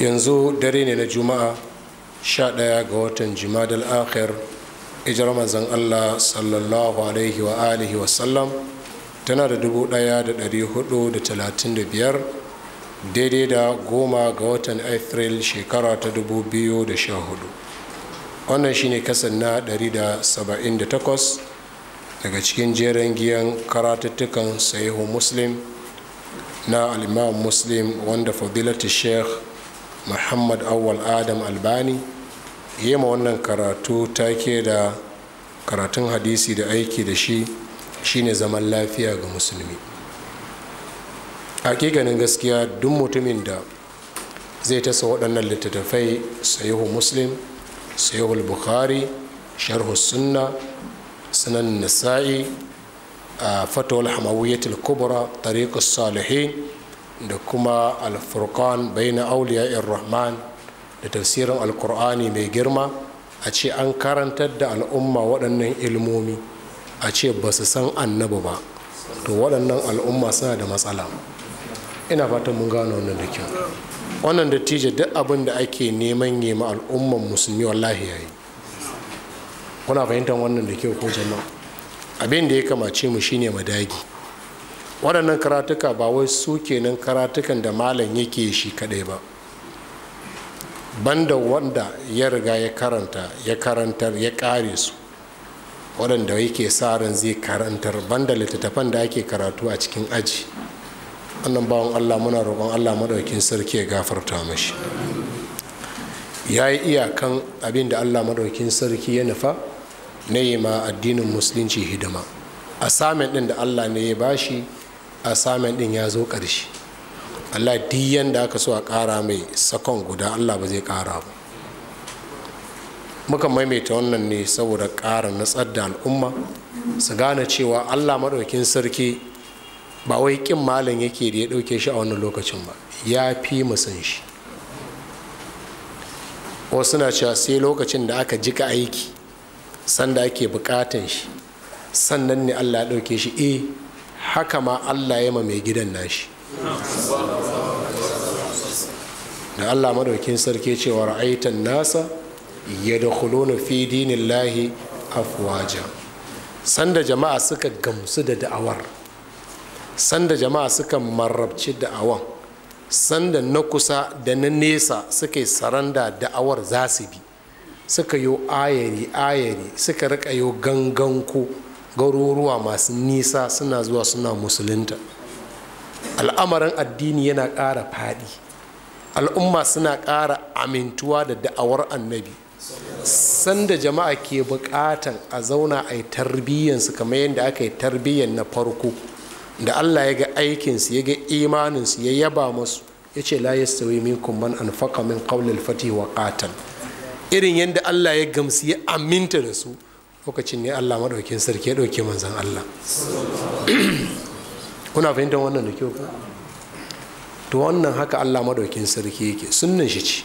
yanzu dare ne na juma'a sha 11 ga watan jimadal akhir ijar manzan allah sallallahu alaihi wa alihi wasallam tana da biyar daidai da goma ga watan april shekara ta da 2014 wannan shine kasan na da da saba'in 178 daga cikin jerin giyan karatattukan sahihu muslim na al'imam muslim wanda fadilatu sheikh muhammad awwal adam albani ya ma wannan karatu ta ke da karatun hadisi da aiki da shi shine zaman lafiya ga musulmi hakikanin gaskiya duk mutumin da zai tasa waɗannan littattafai sayihu muslim sayihu bukhari sharhu sunna sunan nasa'i a fatawar hamawiyyatul kubra tariqus salihin da kuma alfurkan bai na auliya rahman da tafsirin alkur'ani mai girma a ce an karantar da al'umma waɗannan ilmomi a ce ba su san annabi ba to waɗannan al'umma suna da matsala ina fatan mun gano wannan da kyau wannan tije duk abin da ake neman yi ma al'umman musulmi wallahi yayi kuna fahimtar wannan da kyau ko jama'a abin da ya kamace mu shine madagi waɗannan karatuka ba wai su kenan karatukan da malam yake shi kaɗai ba banda wanda ya riga ya karanta ya karantar ya ƙare su waɗanda yake sa ran zai karantar banda littattafan da ake karatu a cikin aji wannan bawan allah muna roƙon allah maɗaukin sarki ya gafarta mashi ya yi iyakan abin da allah maɗaukin sarki ya nufa na yi ma addinin musulunci hidima asamin ɗin da allah ne ya bashi assignment din ya zo ƙarshe allah duk yanda aka so a ƙara mai sakon guda allah ba zai ƙara ba muka maimaita wannan ne saboda ƙara natsar da al'umma su gane cewa allah maɗaukin sarki ba wai ƙin malam yake da ya ɗauke shi a wannan lokacin ba ya fi musan shi wasu na cewa sai lokacin da aka jika aiki sanda ake buƙatan shi sannan ne allah ya ɗauke shi eh haka ma allah ya ma mai gidan nashi da allah madaukin sarki cewa ra'aitan nasa ya da fi dinillahi afwaja sanda jama'a suka gamsu da da'awar sanda jama'a suka marabci da'awan sanda na kusa da na nesa suka yi saranda da'awar za su bi suka yi ayari ayari suka rika yo ganganku garuruwa masu nisa suna zuwa suna musulunta al'amarin addini yana ƙara faɗi al'umma suna ƙara amintuwa da da'awar annabi sanda jama'a ke buƙatan a zauna a yi tarbiyyansu kamar yadda aka yi tarbiyyan na farko da allah ya ga aikinsu ya ga imaninsu ya yaba masu ya ce la yastawi minkum man anfaqa min qawli fatih wa qatan irin yadda allah ya gamsu ya aminta da su lokacin ne allah maɗaukin sarki ya ɗauke manzan allah kuna fahimtar wannan da kyau to wannan haka allah maɗaukin sarki yake Sunan shi ce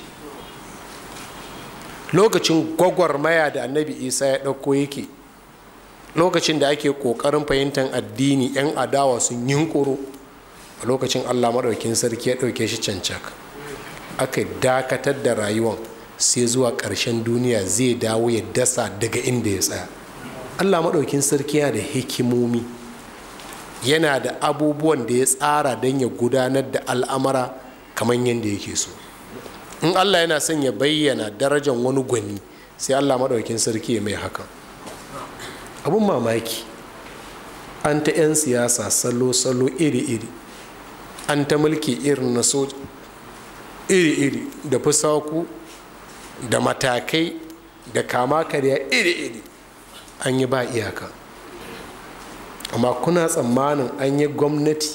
lokacin gwagwarmaya da annabi isa ya ɗauko yake lokacin da ake ƙoƙarin fahimtar addini 'yan adawa sun yunƙuro a lokacin allah maɗaukin sarki ya ɗauke shi cancak aka dakatar da rayuwan sai zuwa ƙarshen duniya zai dawo ya dasa daga inda ya tsaya allah maɗaukin sarki yana da hikimomi yana da abubuwan da ya tsara don ya gudanar da al'amara kamar yadda yake so in allah yana son ya bayyana darajan wani gwani sai allah maɗaukin sarki ya mai haka abun mamaki an ta 'yan siyasa salo-salo iri-iri an ta mulki irin na soja iri-iri da fusaku da matakai da kama karya iri-iri an yi ba iyaka amma kuna tsammanin an yi gwamnati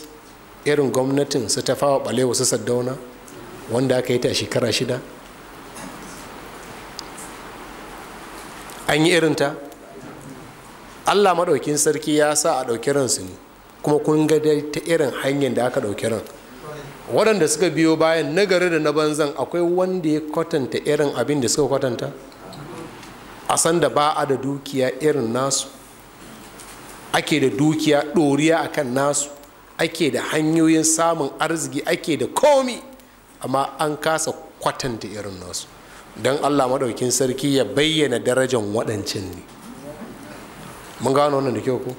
irin gwamnatin su ta fawa balewa wasu saddauna wanda aka yi ta shekara shida an yi irinta allah maɗaukin sarki ya sa a ɗauki ransu ne kuma kun ga ta irin hanyar da aka ɗauki ran waɗanda suka biyo bayan nagari da na banzan akwai wanda ya kwatanta irin abin da suka kwatanta a san da ba a da dukiya irin nasu ake da dukiya ɗoriya a kan nasu ake da hanyoyin samun arziki ake da komi amma an kasa kwatanta irin nasu don allah maɗaukin sarki ya bayyana darajan waɗancan ne mun gano wannan da kyau ko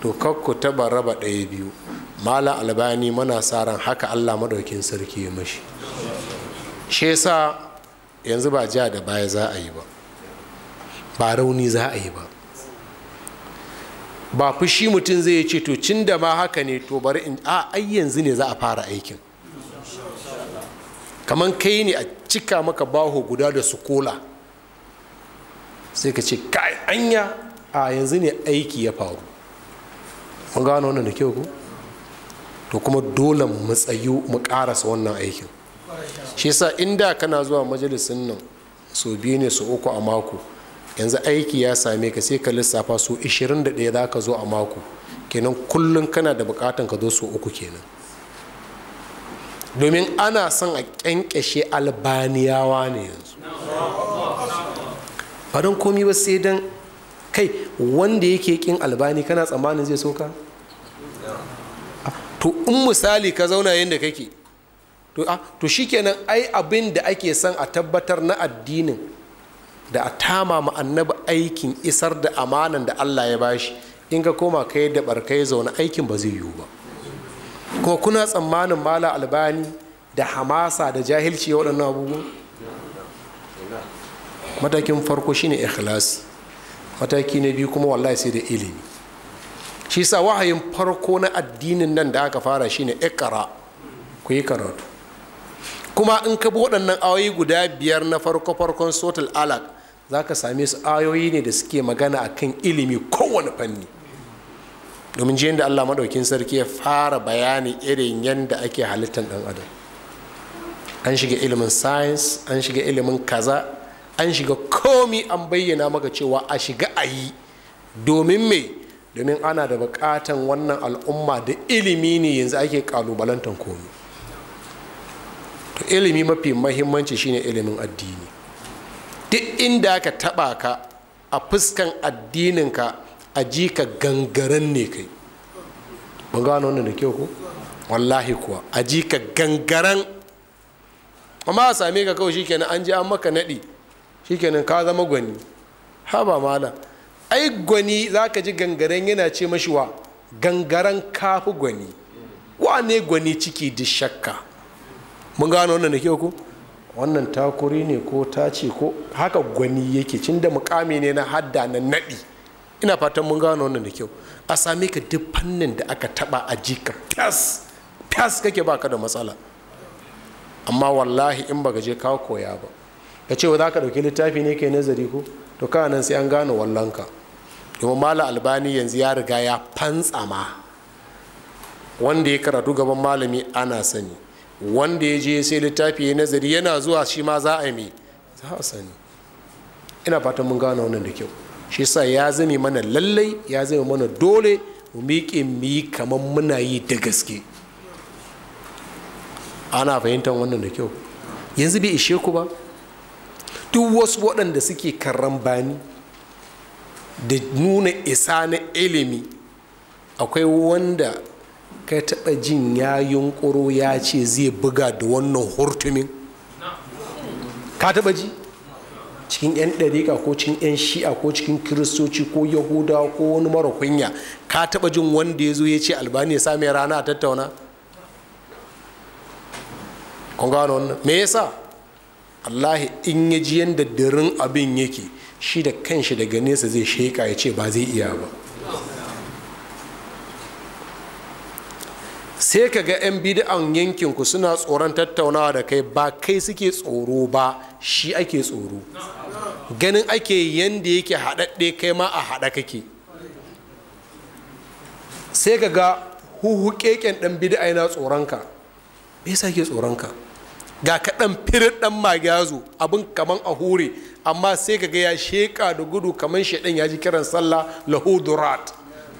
to kakku taba raba ɗaya biyu malam albani mana sa ran haka allah madaukin sarki ya mashi shi yasa yanzu ba ja da baya za a yi ba ba rauni za a yi ba ba fushi mutum zai ce to cin da ma haka ne to bari in a ai yanzu ne za a fara aikin kamar kai ne a cika maka baho guda da su kola. sai ka ce kai anya a yanzu ne aiki ya faru mun gano wannan da kyau ko to kuma dole mu tsayu mu karasa wannan aikin shi yasa inda kana zuwa majalisin nan so biyu ne so uku a mako yanzu aiki ya same ka sai ka lissafa so 21 za ka zo a mako kenan kullum kana da bukatan ka zo so uku kenan domin ana son a kyankyashe albaniyawa ne yanzu ba don komi ba sai don kai wanda yake kin albani kana tsammanin zai soka to in misali ka zauna yadda kake to ah, shi kenan ai abin da ake son a tabbatar na addinin da a tama ma annabi aikin isar da amanan da Allah ya bashi in ka koma kai da barkai zaune aikin ba zai yiwu ba ko kuna tsammanin mala albani da hamasa da jahilci waɗannan abubuwan matakin farko shine ikhlasi mataki na biyu kuma wallahi sai da ilimi shi sa wahayin farko na addinin nan da aka fara shine ikara ku yi karatu kuma in ka bi waɗannan ayoyi guda biyar na farko farkon sotul alaq za ka same su ayoyi ne da suke magana a kan ilimi kowane fanni domin jiyan da allah maɗaukin sarki ya fara bayani irin yadda ake halittar ɗan adam an shiga ilimin science an shiga ilimin kaza an shiga komi an bayyana maka cewa a shiga a yi domin mai domin ana da bukatan wannan al'umma da ilimi ne yanzu ake kalubalantar komi to ilimi mafi mahimmanci shine ilimin addini duk inda aka taba ka a fuskan addininka a ji ka gangaren ne kai ban gano wannan da kyau ko wallahi kuwa a ji ka gangaren amma a same ka kawai shikenan an ji an maka naɗi shikenan ka zama gwani haba malam ai gwani za ka ji gangaren yana ce mashi wa gangaren kafi gwani ne gwani ciki da shakka mun gano wannan da ke ku wannan takuri ne ko ta ce ko haka gwani yake cin da mukami ne na hadda na naɗi ina fatan mun gano wannan da kyau a same ka duk fannin da aka taba a jika fas fas kake baka da matsala amma wallahi in baka je ka koya ba ka ce za ka ɗauki littafi ne kai nazari ko to kawai nan sai an gane wallonka domin malam albani yanzu ya riga ya fantsama wanda ya karatu gaban malami ana sani wanda ya je sai littafi ya nazari yana zuwa shi ma za a yi za a sani ina fatan mun gane wannan da kyau shi sa ya zame mana lallai ya zame mana dole mu miƙe mu kamar muna yi da gaske ana fahimtar wannan da kyau yanzu bai ishe ku ba duk wasu waɗanda suke bani da nuna isa na ilimi akwai wanda ka taɓa jin ya yunƙuro ya ce zai buga da wannan hurtumin ka taɓa ji cikin 'yan ɗariƙa ko cikin 'yan shi'a ko cikin kiristoci ko yahuda ko wani mara kunya ka taɓa jin wanda ya zo ya ce albani ya mai rana a tattauna kun wannan me yasa Allah in ya ji yadda dirin abin yake shi da kanshi daga nesa zai sheka ya ce ba zai iya ba sai ka ga 'yan bid'an yankinku suna tsoron tattaunawa da kai ba kai suke tsoro ba shi ake tsoro ganin ake yadda yake haɗaɗɗe kai ma a haɗa kake sai ka ga huhu keken ɗan bid'a yana tsoronka me yasa ke tsoronka ga kaɗan firin ɗan magyazo abin kaman a hure amma sai ka ga ya sheƙa da gudu kaman shaɗan ya ji kiran sallah lahudurat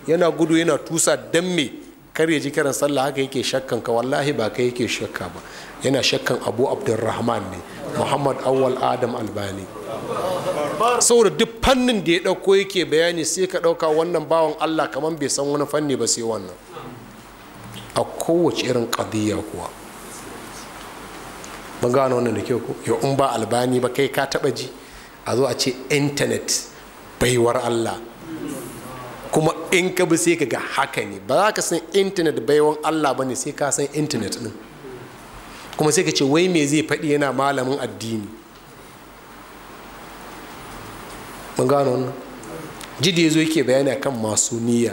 yana gudu yana tusa dan me kar ya ji kiran sallah haka yake shakkan ka wallahi ba kai yake shakka ba yana shakkan abu abdulrahman ne muhammad awwal adam albani saboda duk fannin da ya ɗauko yake bayani sai ka ɗauka wannan bawan allah kamar bai san wani fanni ba sai wannan a kowace irin ƙadiyya kuwa mun gano wannan da kyau ko yau in ba albani ba kai ka taba ji a zo a ce intanet baiwar allah kuma in ka bi sai ka ga haka ne ba za ka san intanet baiwan allah ba ne sai ka san intanet din kuma sai ka ce wai me zai faɗi yana malamin addini mun gano wannan jide zo yake bayani akan masu niyya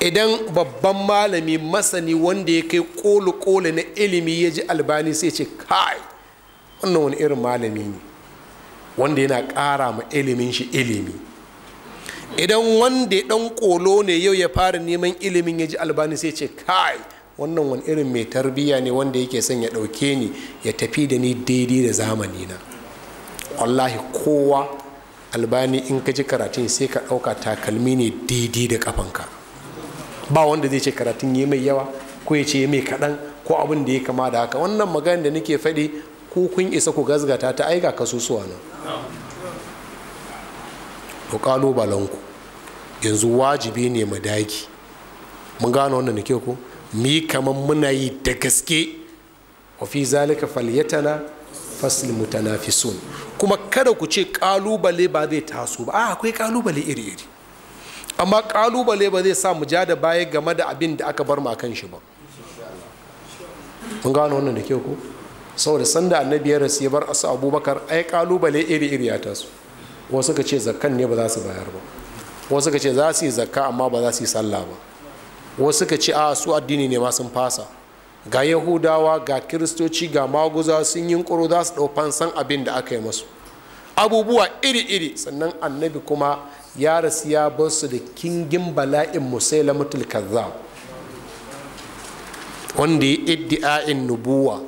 idan babban malami masani wanda ya kai kolo-kolo na ilimi ya ji albani sai ce kai wannan wani irin malami ne wanda yana ƙara ma ilimin shi ilimi idan wanda ya ɗan kolo ne yau ya fara neman ilimin ya ji albani sai ce kai wannan wani irin mai tarbiyya ne wanda yake son ya ɗauke ni ya tafi da ni daidai da zamani na wallahi kowa albani in ka ji karatun sai ka ɗauka takalmi ne daidai da kafanka ba wanda zai ce karatun yi mai yawa ko ya ce mai kaɗan ko abin da ya kama da haka wannan magana da nake faɗi ko kun isa ku gazgata ta aiga kasusuwa nan to balanku yanzu wajibi ne mu daki mun gano wannan da ke ku mi kaman muna yi da gaske wa fi zalika falyatana fasl mutanafisun kuma kada ku ce kalubale ba zai taso ba a akwai kalubale iri-iri amma kalubale ba zai sa mu ja da baya game da abin da aka bar kan shi ba mun gano wannan da kyau ko saboda sanda annabi ya rasu ya bar asu abubakar ai kalubale iri iri ya taso wasu ka ce zakkan ne ba za su bayar ba wasu ka ce za su yi zakka amma ba za su yi sallah ba wasu ka ce a su addini ne ma sun fasa ga yahudawa ga kiristoci ga maguza sun yi kuro za su ɗau fansan abin da aka yi masu abubuwa iri-iri sannan annabi kuma ya rasu ya bar su da kingin bala'in mutul kazzab wanda ya iddi'a'in nubuwa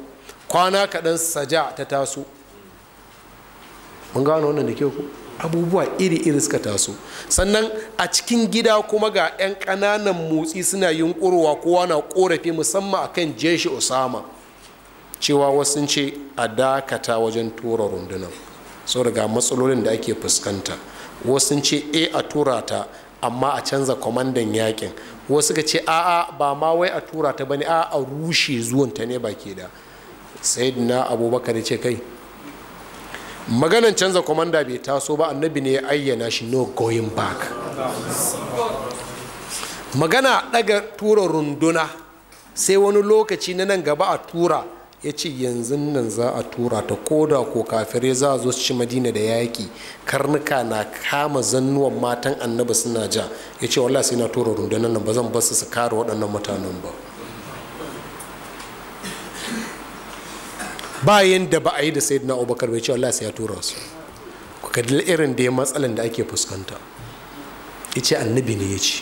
kwana kaɗan saja ta taso mun gano wannan da kyau abubuwa iri-iri suka taso sannan a cikin gida kuma ga 'yan ƙananan motsi suna yunkurwa kowa na ƙorafi musamman akan jeshi osama cewa wasu ce a dakata wajen tura rundunar so daga matsalolin da ake fuskanta wasu ce a eh, a tura ta amma a canza kwamandan yakin wasu ka ce a'a ba ma wai a tura ta bane a a rushe zuwanta ne ba ke da sayyidina abubakar ya ce kai maganan canza kwamanda bai taso ba annabi ne ya ayyana shi no going back magana daga tura runduna sai wani lokaci na nan gaba a tura ya ce yanzu nan za a tura ta koda ko kafirai za a zo su ci madina da yaƙi karnuka na kama zannuwan matan annaba suna ja ya ce wallah sai na tura rundunar nan ba zan basu su kare waɗannan mutanen ba bayan da ba a yi da na abubakar bai ce wallah sai ya tura su ku kalli irin da ya matsalan da ake fuskanta ya ce annabi ne ya ce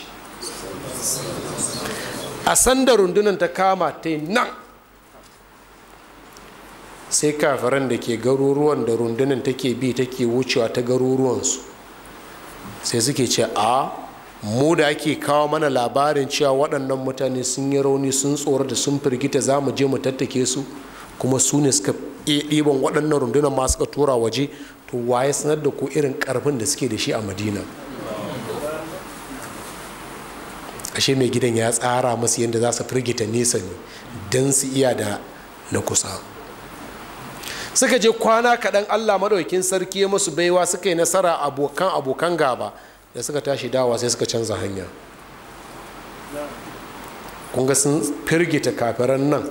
a sanda rundunar ta kama ta nan sai kafiran da ke garuruwan da rundunan take bi take wucewa ta garuruwansu sai suke ce a mu da ake kawo mana labarin cewa waɗannan mutane sun yi rauni sun tsoro da sun firgita za mu je mu tattake su kuma su ne suka ɗiban waɗannan rundunan ma suka tura waje to waye sanar da ku irin ƙarfin da suke da shi a madina ashe mai gidan ya tsara masu yadda za su firgita nesa ne don su iya da na kusa suka je kwana kaɗan allah maɗaukin sarki ya musu baiwa suka yi nasara abokan abokan gaba da suka tashi dawa sai suka canza hanya kunga sun firgita kafiran nan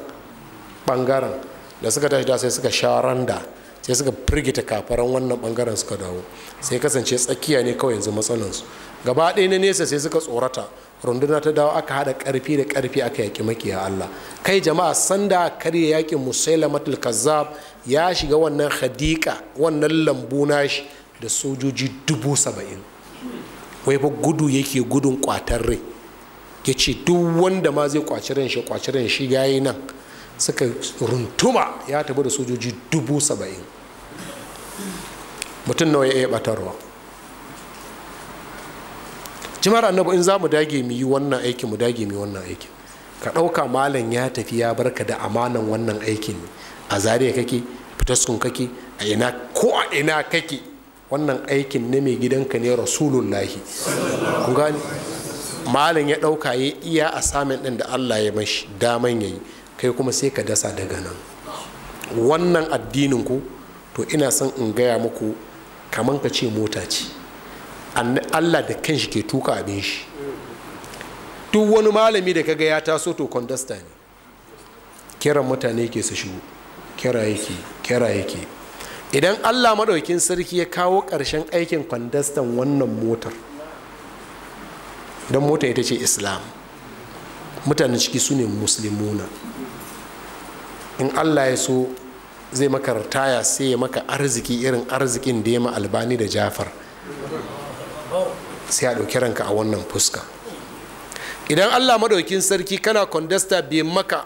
ɓangaren da suka tashi dawa sai suka sharan randa sai suka firgita kafiran wannan ɓangaren suka dawo sai kasance tsakiya ne kawai yanzu matsalansu gaba ɗaya na nesa sai suka tsorata runduna ta dawo aka haɗa ƙarfi da karfi aka yaki makiya Allah kai jama'a sanda karya yaƙin musailamatul kazzab ya shiga wannan hadika wannan lambu nashi da sojoji dubu saba'in wai fa gudu yake gudun kwatar rai ya ce duk wanda ma zai kwaci ran shi kwaci ran shi yayi nan suka runtuma ya tafi da sojoji dubu saba'in mutum nawa ya iya batarwa jimar ba in za mu dage mu yi wannan aiki mu dage mu yi wannan aiki ka ɗauka malam ya tafi ya barka da amanan wannan aikin a zariya kake fitaskun kake a ina ko a ina kake wannan aikin na mai gidanka ne rasulullahi kun gani malam ya ɗauka ya iya a samun ɗin da allah ya mashi daman ya yi kai kuma sai ka dasa daga nan wannan addinin ku to ina son in gaya muku kamar ka ce mota ce allah da kanshi ke tuka abin shi duk wani malami da kaga ya taso to kwandasta ne kiran mutane ke su shigo kira yake kira yake idan allah maɗaukin sarki ya kawo ƙarshen aikin kwandastan wannan motar don mota ita ce islam mutane ciki su ne musulmuna in allah ya so zai maka ya sai ya maka arziki irin arzikin da ya ma albani da jafar sai a ɗauki ranka a wannan fuska idan allah maɗaukin sarki kana kwandasta bai maka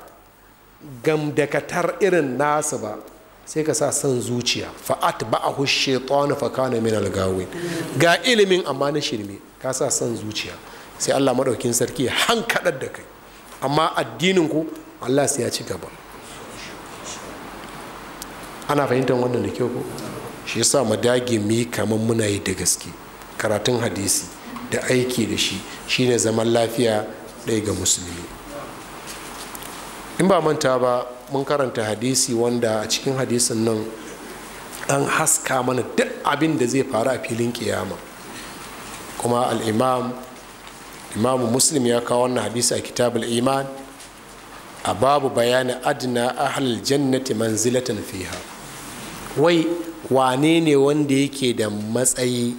gamdakatar irin nasu ba sai ka sa son zuciya fa'at ba a hushe tsawani fakana min algawin ga ilimin amma na shirme ka sa son zuciya sai allah maɗaukin sarki han kaɗar da kai amma addinin ku allah sai ya ci gaba ana fahimtar wannan da kyau ko shi yasa mu dage mu yi kamar muna yi da gaske karatun hadisi da aiki da shi shine zaman lafiya ɗaya ga musulmi in ba manta ba mun karanta hadisi wanda a cikin hadisin nan an haska mana duk abin da zai faru a filin kiyama kuma al'imam imamu muslim ya kawo wannan hadisi a kitabul iman a babu bayanin adina ahlul jannati manzilatan fiha wai wane ne wanda yake da matsayi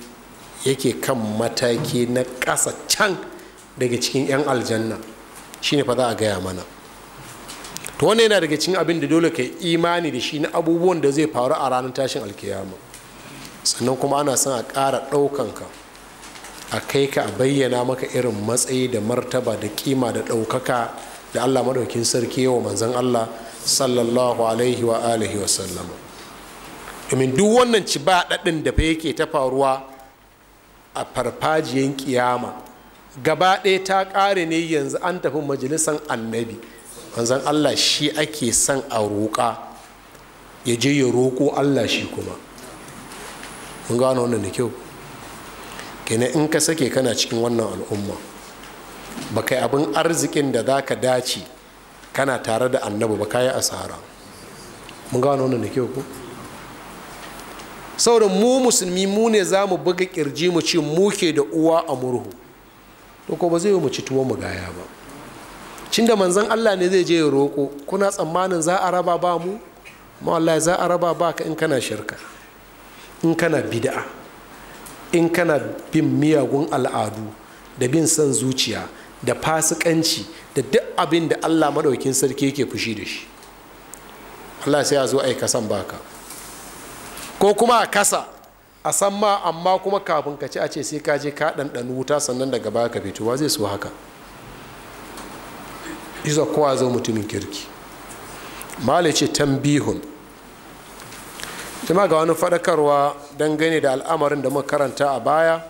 yake kan mataki na ƙasa can daga cikin 'yan aljanna shine fa za a gaya mana to wannan yana daga cikin abin da dole ka imani da shi na abubuwan da zai faru a ranar tashin alkiyama sannan kuma ana son a ƙara ɗaukanka a kai ka a bayyana maka irin matsayi da martaba da ƙima da ɗaukaka da allah maɗaukin sarki yawa manzan allah sallallahu alaihi wa alihi wa sallama domin duk wannan ci ba ɗaɗin da fa yake ta faruwa a farfajiyan kiyama gaba ɗaya ta ƙare ne yanzu an tafi majalisar annabi Wanzan allah shi ake son a roƙa ya je ya roƙo allah shi kuma mun gano wannan da kyau kenan in ka sake kana cikin wannan al'umma ba kai abin arzikin da za ka dace kana tare da annabi ba ka yi asara mun gano wannan da kyau ko saboda mu musulmi mu ne za mu buga kirji mu ce mu ke da uwa a murhu to ko ba zai mu ci tuwo mu gaya ba cin da manzon Allah ne zai je ya roko kuna tsammanin za a raba ba mu ma Allah za a raba ba ka in kana shirka in kana bid'a in kana bin miyagun al'adu da bin son zuciya da fasikanci da duk abin da Allah madaukin sarki yake fushi da shi Allah sai a zo aika san baka ko kuma a kasa a san ma amma kuma kafin ka ci a ce sai ka je ka ɗanɗan wuta sannan daga baya ka fito wa zai so haka iza kowa zo mutumin kirki mala ce tambihun jama'a ga wani faɗakarwa dangane da al'amarin da muka karanta a baya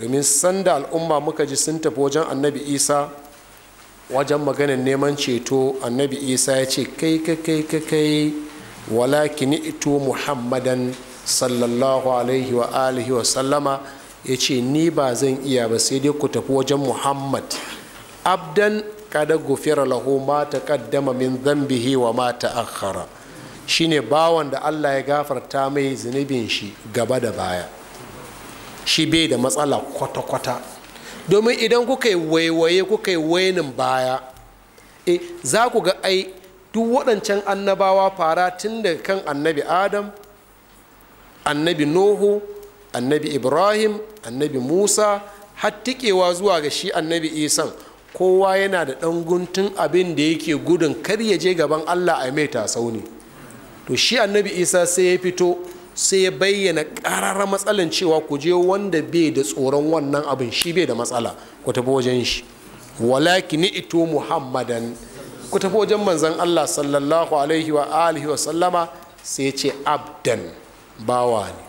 domin sanda al'umma muka ji sun tafi wajen annabi isa wajen maganin neman ceto annabi isa ya ce kai kai kai kai walakin ito muhammadan sallallahu alaihi wa alihi wa sallama ya ce ni ba zan iya ba sai dai ku tafi wajen muhammad abdan kada gufira lahu ma ta kaddama min zambihi wa ma ta akhara shine bawan da allah ya gafarta mai zunubin shi gaba da baya shi bai da matsala kwata-kwata domin idan kuka yi waiwaye kuka yi wainin baya e za ku ga ai duk waɗancan annabawa fara tun daga kan annabi adam annabi nuhu annabi ibrahim annabi musa hattikewa zuwa ga shi annabi isan kowa yana da ɗan guntun abin da yake gudun kar ya je gaban allah a mai tsauni. to shi annabi isa sai ya fito sai ya bayyana ƙararra matsalan cewa ku je wanda bai da tsoron wannan abin shi bai da matsala ku tafi wajen shi walakini ito muhammadan ku tafi wajen manzan allah sallallahu alaihi wa alihi wa sallama sai ce abdan bawa ne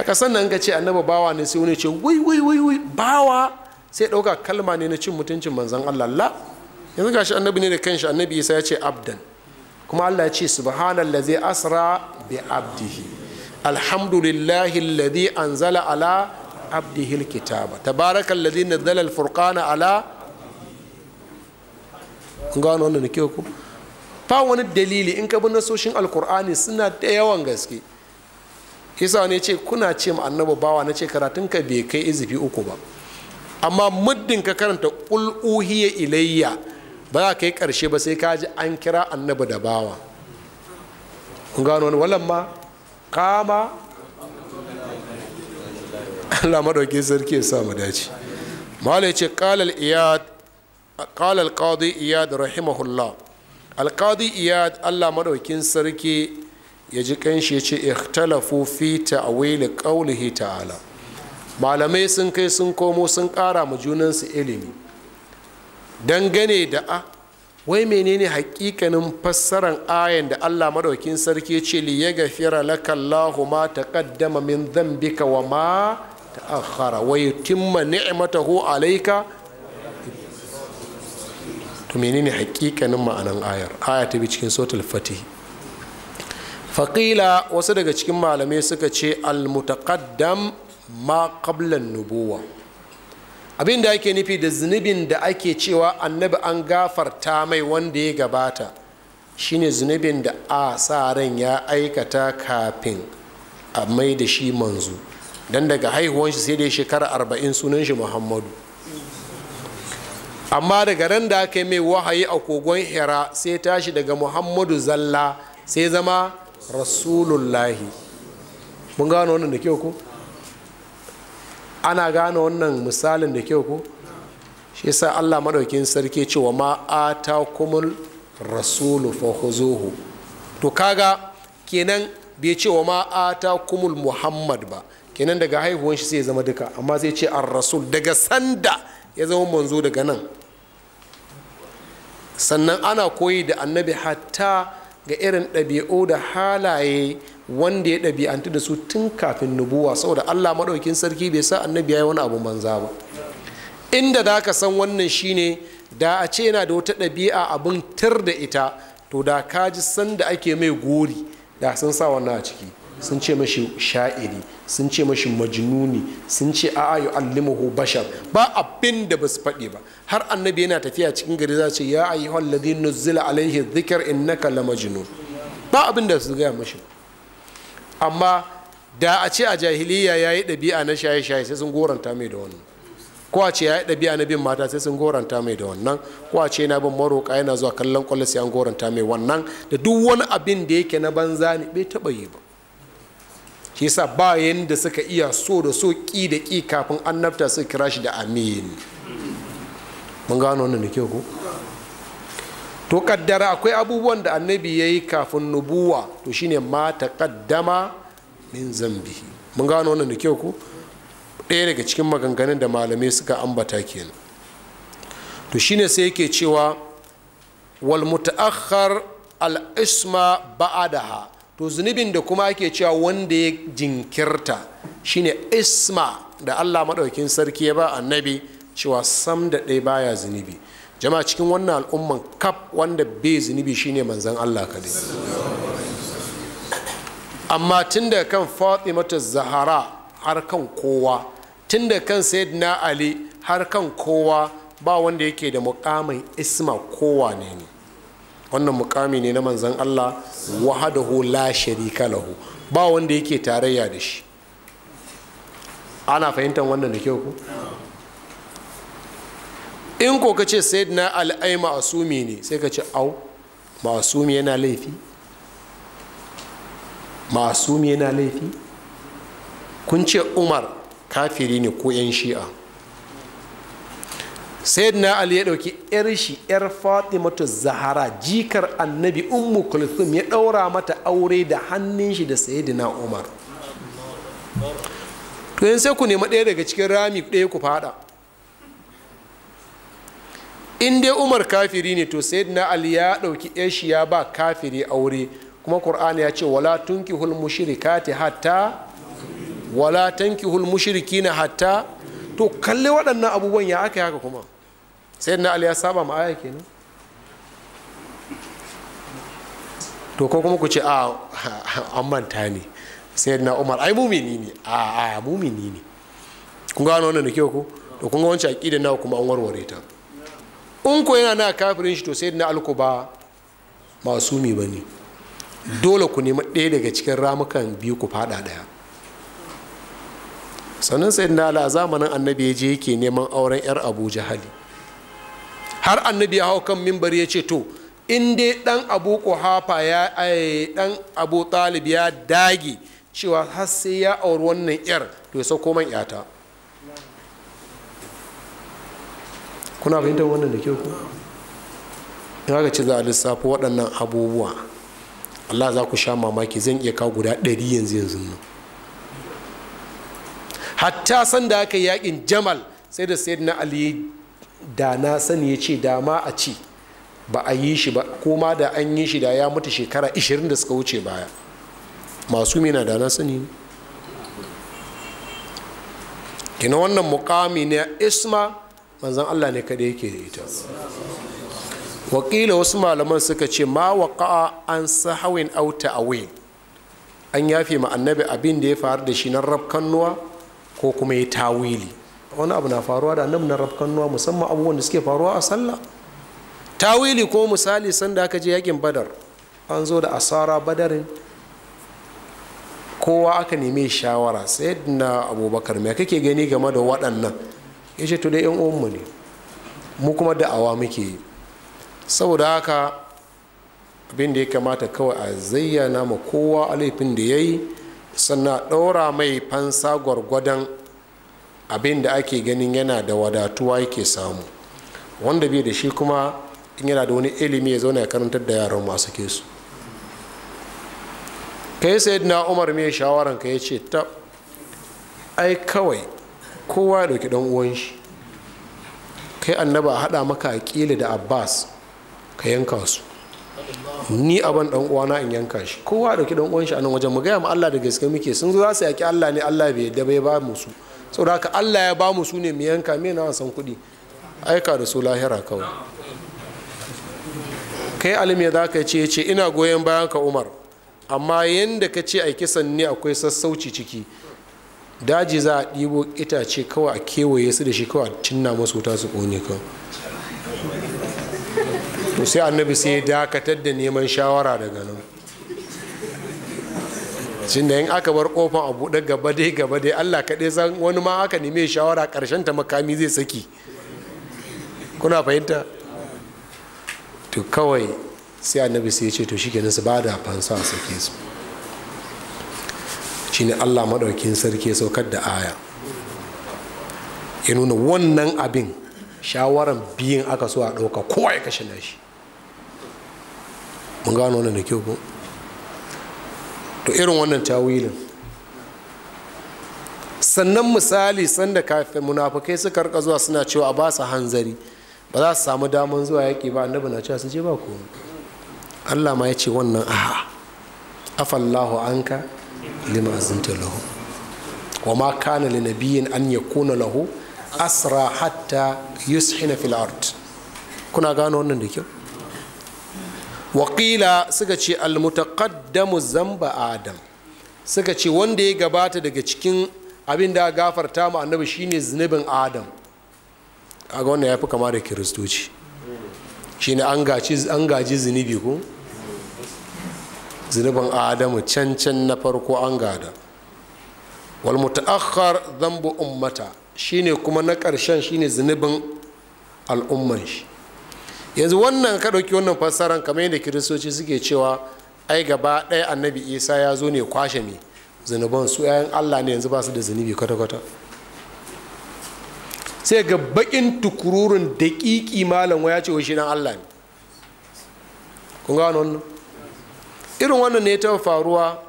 a kasan nan ka ce annaba bawa ne sai wani ce wai wai wai bawa sai ɗauka kalma ne na cin mutuncin manzan allah la yanzu gashi annabi ne da kanshi annabi isa ya ce abdan kuma allah ya ce subhanallazi asra bi abdihi alhamdulillahi alladhi anzala ala abdihi alkitaba tabarakallazi nazzala alfurqana ala gano wannan da kyau ko ba wani dalili in ka bi nasoshin alkur'ani suna da yawan gaske kisa ne ce kuna ce ma annabi bawa na ce karatun ka bai kai izifi uku ba amma muddin ka karanta qul uhiya ilayya ba za ka yi karshe ba sai ka ji an kira annabi da bawa kun gano wani wallan ma kama Allah madauki sarki ya sa dace malai ce ƙalal iyad qala al-qadi iyad rahimahullah al-qadi iyad Allah madaukin sarki ya ji kanshi ya ce ikhtalafu fi malamai sun kai sun komo sun ƙara ma junansu ilimi dangane da a wai menene hakikanin fassarar ayan da Allah madaukin sarki ce li ya gafira lakallahu ma ta taqaddama min zambika wa ma ta'akhkhara wa yutimma ni'matahu alaika? to menene hakikanin ma'anan ayar aya ta bi cikin sotul fatih faƙila wasu daga cikin malamai suka ce almutaqaddam ma qablan nubuwa abin da ake nufi da zunubin da ake cewa annabi an gafarta mai wanda ya gabata shine zunubin da a sa ran ya aikata kafin a mai da shi manzu don daga haihuwan shi sai dai shekara arba'in sunan shi muhammadu amma daga ran da aka yi mai wahayi a kogon hira sai tashi daga muhammadu zalla sai zama rasulullahi mun gano wannan da kyau ko ana gano wannan misalin da kyau ko shi sa allah maɗaukin sarki cewa ma a ta kumul rasulu fahuzuhu to kaga kenan bai ce wa ma ata kumul muhammad ba kenan daga haihuwan shi sai zama duka amma sai ce an rasul daga sanda ya zama manzo daga nan sannan ana koyi da annabi hatta ga irin ɗabi'u da halaye wanda ya ɗabi'antu da su tun kafin nubuwa saboda allah maɗaukin sarki bai sa annabi ya yi wani abu banza ba inda da ka san wannan shine da a ce yana da wata ɗabi'a abin tar da ita to da ka ji san da ake mai gori da sun sa wannan a ciki sun ce mashi sha'iri sun ce mashi majnuni sun ce a'a yu'allimuhu bashar ba abin da basu faɗi ba har annabi yana tafiya cikin gari za ce ya ayyuhal ladhi nuzila alaihi dhikr innaka la majnun ba abin da su gaya mashi amma da a ce a jahiliya yayi ɗabi'a na shaye shaye sai sun goranta mai da wannan ko a ce yayi ɗabi'a na bin mata sai sun goranta mai da wannan ko a ce yana bin maroka yana zuwa kallon kwallo sai an goranta mai wannan da duk wani abin da yake na banza ne bai taɓa yi ba shi yasa ba da suka iya so da so ki da ki kafin annabta su kira shi da amin mun gano wannan da kyau ko to kaddara akwai abubuwan da annabi ya yi kafin nubuwa to shine ma ta kaddama min zambi mun gano wannan da kyau ko ɗaya daga cikin maganganun da malamai suka ambata kenan to shine sai yake cewa wal mutaakhar al isma ba'adaha to zunubin da kuma ake cewa wanda ya jinkirta shine isma da allah maɗaukin sarki ya ba annabi cewa sam da ɗaya baya zunubi jama'a cikin wannan al'umman kaf wanda bai zunubi shine manzan allah kadai amma tun da kan fatimata zahara har kan kowa tun da kan na ali har kan kowa ba wanda yake da mukamin isma kowa ne ne wannan mukami ne na manzan Allah wahadahu la sharika lahu ba wanda yake tarayya da shi ana fahimtar wannan da kyau ku in ko ka ce na al'ai ma'asumi ne sai ka ce au ma'asumi yana laifi ma'asumi yana laifi kun ce umar kafiri ne ko 'yan shi'a sayyidina ali ya dauki yar shi yar fatimatu zahara jikar annabi ummu kulthum ya daura mata aure da hannun shi da sayyidina umar to yin sai ku nema ɗaya daga cikin rami ɗaya ku fada in dai umar kafiri ne to sayyidina ali ya dauki yar shi ya ba kafiri aure kuma qur'ani ya ce wala tunkihul mushrikati hatta wala tankihul mushrikina hatta to kalli waɗannan abubuwan ya aka haka kuma sai na ali ya saba ma aya kenan to ko kuma ku ce a an manta ne sai na umar ai mumini ne a a mumini ne kun ga wannan da kyau ko to kun ga wancan aqida nawa kuma an warware ta in ko yana na kafirin shi to sai na alko ba masumi bane dole ku nemi ɗaya daga cikin ramukan biyu ku fada ɗaya sannan sai na ala zamanin annabi ya je yake neman auren yar abu jahali har annabi ya hau kan mimbar ya ce to in dai dan abu kuhafa ya ai dan abu talib ya dage cewa har sai ya auri wannan yar to ya sauko man yata kuna fahimtar wannan da kyau ku ga ci za a lissafi waɗannan abubuwa allah za ku sha mamaki zan iya kawo guda ɗari yanzu yanzu nan hatta sanda aka yakin jamal sai da sayyidina ali da na sani ya ce da ma a ci ba a yi shi ba ko da an yi shi da ya mutu shekara 20 da suka wuce baya masu mina da na sani kina wannan mukami ne isma manzan allah ne kada yake da ita wakila wasu malaman suka ce ma an sahawin auta a awin an yafe ma annabi abin da ya faru da shi na rabkannuwa ko kuma ya tawili wani abu na faruwa da annabi na musamman abubuwan da suke faruwa a sallah tawili ko misali sanda aka je yakin badar an zo da asara badarin kowa aka nemi shawara sai na abubakar mai kake gani game da waɗannan ya ce to yan uwanmu ne mu kuma da'awa muke yi saboda haka abin da ya kamata kawai a zayyana ma kowa a laifin da ya yi sannan ɗaura mai fansa gwargwadon abin da ake ganin yana da wadatuwa yake samu wanda bai da shi kuma in yana da wani ilimi ya zauna ya karantar da yaran masu ke su kai sai na umar mai shawaran ka ya ce ta ai kawai kowa ya dauki dan shi kai annaba a haɗa maka aƙili da abbas ka yanka su ni aban dan uwana in yanka shi kowa dauki dan uwan shi a nan wajen mu gaya ma Allah da gaske muke sun zo za su yaki Allah ne Allah bai yadda bai ba mu su saboda haka allah ya bamu su ne mu yanka me na san kuɗi aika da su lahira kawai kai alim za ka ce ce ina goyon bayan ka umar amma yadda ka ce a kisan ne akwai sassauci ciki daji za a ɗibo itace kawai a kewaye su da shi kawai a cinna masu wuta su ƙone ka to sai annabi sai ya dakatar da neman shawara daga nan cin da in aka bar kofan a buɗe gaba dai gaba dai allah kaɗai san wani ma aka neme shawara ƙarshen ta makami zai saki kuna fahimta to kawai sai annabi sai ya ce to shikenan su ba da fansa a sake su ne allah maɗaukin sarki ya saukar da aya ya nuna wannan abin shawaran biyun aka so a ɗauka kowa ya kashe nashi mun gano wannan da kyau ko to irin wannan tawilin sannan misali sanda kafin munafukai suka rika zuwa suna cewa a ba hanzari ba za su samu daman zuwa yaƙi ba annabi na cewa su ce ba ku allah ma ya ce wannan aha afallahu anka lima azinta lahu wa ma kana li nabiyyin an yakuna lahu asra hatta yushina fil ard kuna gano wannan da kyau waƙila suka ce almutaqaddamu zamba adam suka ce wanda ya gabata daga cikin abin da gafarta mu annabi shine zunubin adam kaga wannan ya fi kama da kiristoci shine an an gaji zunubi ko zunubin adamu can na farko an gada wal mutaakhkhar dhanbu ummata shine kuma na ƙarshen shine zunubin al'umman shi yanzu wannan ka ɗauki wannan fassaran kamar yadda kiristoci suke cewa ai gaba ɗaya annabi isa ya zo ne kwashe me zunuban su yayan allah ne yanzu ba su da zunubi kwata-kwata sai ga baƙin tukururin daƙiƙi malam ya ce shi allah ne kun wannan irin wannan ne ta faruwa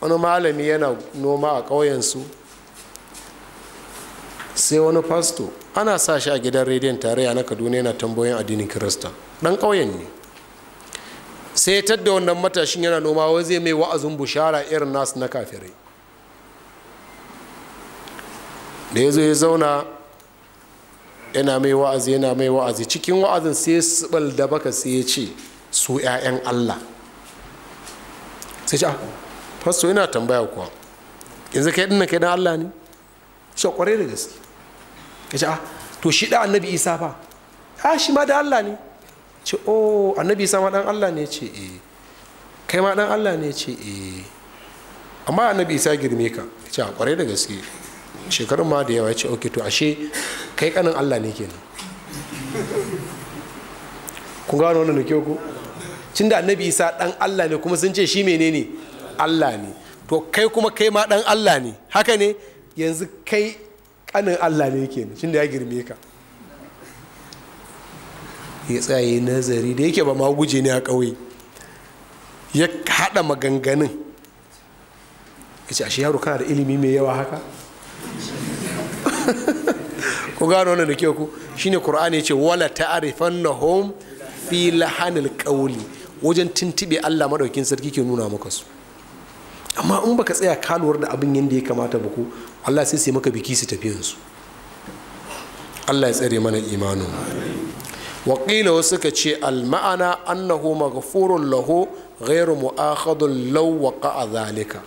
wani malami yana noma a ƙauyensu sai wani pastor. ana sa shi a gidan rediyon tarayya na kaduna yana tambayoyin addinin kirista dan ƙauyen ne sai ya tadda wannan matashin yana noma wai zai mai wa'azin bushara irin nasu na kafirai da ya zo ya zauna yana mai wa'azi yana mai wa'azi cikin wa'azin sai ya sibal da baka sai ya ce su 'ya'yan allah sai ce ah, fasto yana tambaya kuwa yanzu kai dinnan kai dan allah ne shi kwarai da gaske ya ce ah, to shi da annabi isa fa a ah, shi ma da allah ne ce o oh, annabi isa ma dan allah ne ce e kai ma dan allah ne ce e amma annabi isa girme ka ya ce a ah, kwarai da gaske shekarun ma da yawa ya ce ok to ashe kai kanin allah ne kenan kun gano wannan da kyau cin da annabi isa dan allah ne kuma sun ce shi menene allah ne to kai kuma kai ma dan allah ne haka ne yanzu kai kanin allah ne yake ne da ya girme ka ya tsaye nazari da yake ba ma guje ne a ƙauye ya haɗa maganganun ya ce ashe yaro kana da ilimi mai yawa haka ku gano wannan da ke ku shine qur'ani ya ce wala ta'rifannahum fi lahanil qawli wajen tintibe Allah madaukin sarki ke nuna maka su amma in baka tsaya kaluwar da abin yadda ya kamata ba ku Allah sai sai maka biki su tafi yanzu. Allah ya tsare mana imanin waƙila wasu ka ce alma'ana annahu maghfurun lahu ghairu mu'akhadun law waqa zalika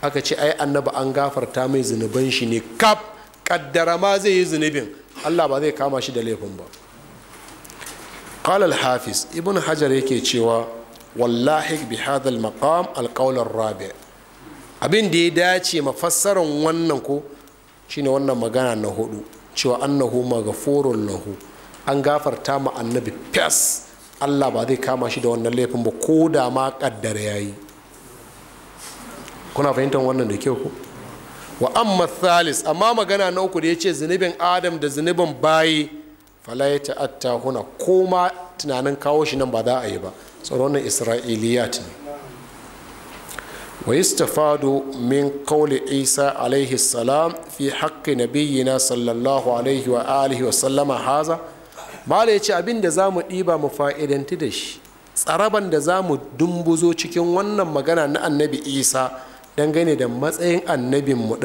aka ce ai annaba an gafarta mai zunuban shi ne kaf kaddara ma zai yi zunubin Allah ba zai kama shi da laifin ba al hafiz ibn hajar yake cewa wallahi bi hadha al-maqam al-qawl ar-rabi' abin da ya dace mafassaran wannan ko shine wannan magana na hudu cewa annahu maghfurun lahu an gafarta ma annabi fas Allah ba zai kama shi da wannan laifin ba ko da ma kaddar yayi kuna fahimtar wannan da kyau ko wa amma thalis amma magana na uku da ya ce zunubin adam da zunubin bayi fala ya ta'atta huna ko ma tunanin kawo shi nan ba za a yi ba tsaron isra'iliyat ne wa yastafadu min kawli isa alaihi salam fi na nabiyyina sallallahu alaihi wa alihi wa sallama haza mala yace abin da zamu ɗiba mu fa'idanti da shi tsaraban da zamu dumbuzo cikin wannan magana na annabi isa dangane da matsayin annabin mu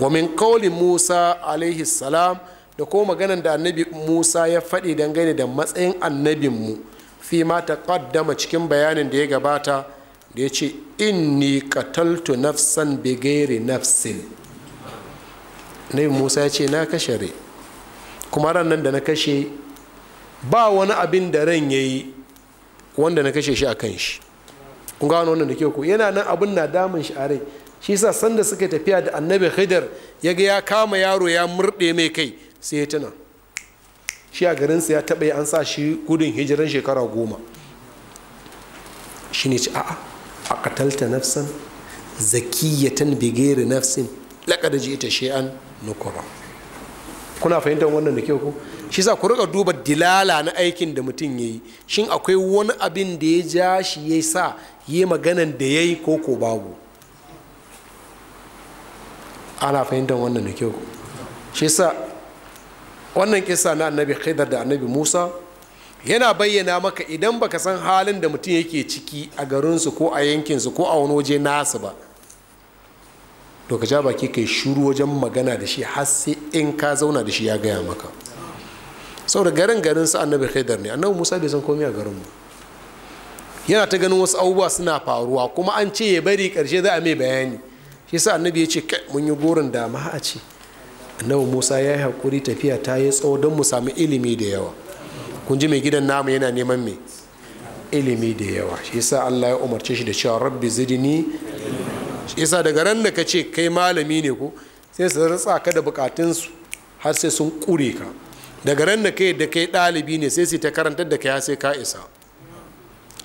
wa min kawli musa alaihi salam da ko maganan da annabi musa ya faɗi dangane da matsayin annabinmu fi ma ta ƙaddama cikin bayanin da ya gabata da ya ce inni kataltu nafsan bigeri nafsin nabi musa ya ce na kashe rai kuma ran nan da na kashe ba wani abin da ran ya yi wanda na kashe shi a kan shi kun gano wannan da ke ku yana nan abin na damun shi a rai shi sa sanda suka tafiya da annabi khidar ya ga ya kama yaro ya murɗe mai kai sai ya tuna shi a garinsa ya taɓa an sa shi gudun hijiran shekara goma shi ne ci a'a a katalta nafsan zakiyatan bigeri nafsin da ji'ta shay'an nukura kuna fahimtar wannan da kyau ko shi sa ku rika duba dilala na aikin da mutum ya yi shin akwai wani abin da ya ja shi ya sa yi maganan da ya yi ko ko babu ana fahimtar wannan da kyau shi sa wannan kisa na annabi khidar da annabi musa yana bayyana maka idan baka san halin da mutum yake ciki a garinsu ko a yankinsu ko a wani waje nasu ba to ka ja baki kai shuru wajen magana da shi har sai in ka zauna da shi ya gaya maka saboda garin garin su annabi khaidar ne annabi musa bai san komai a garin mu yana ta ganin wasu abubuwa suna faruwa kuma an ce ya bari karshe za a mai bayani shi sa annabi ya ce kai mun yi gorin da a ce annabi musa ya yi haƙuri tafiya ta yi tsawo don mu samu ilimi da yawa kun ji mai gidan namu yana neman mai ilimi da yawa shi yasa Allah ya umarce shi da cewa rabbi zidini shi yasa daga ran da ka ce kai malami ne ko sai su rutsa ka da bukatunsu har sai sun kure ka daga ran da kai da kai ɗalibi ne sai su ta karanta da kai sai ka isa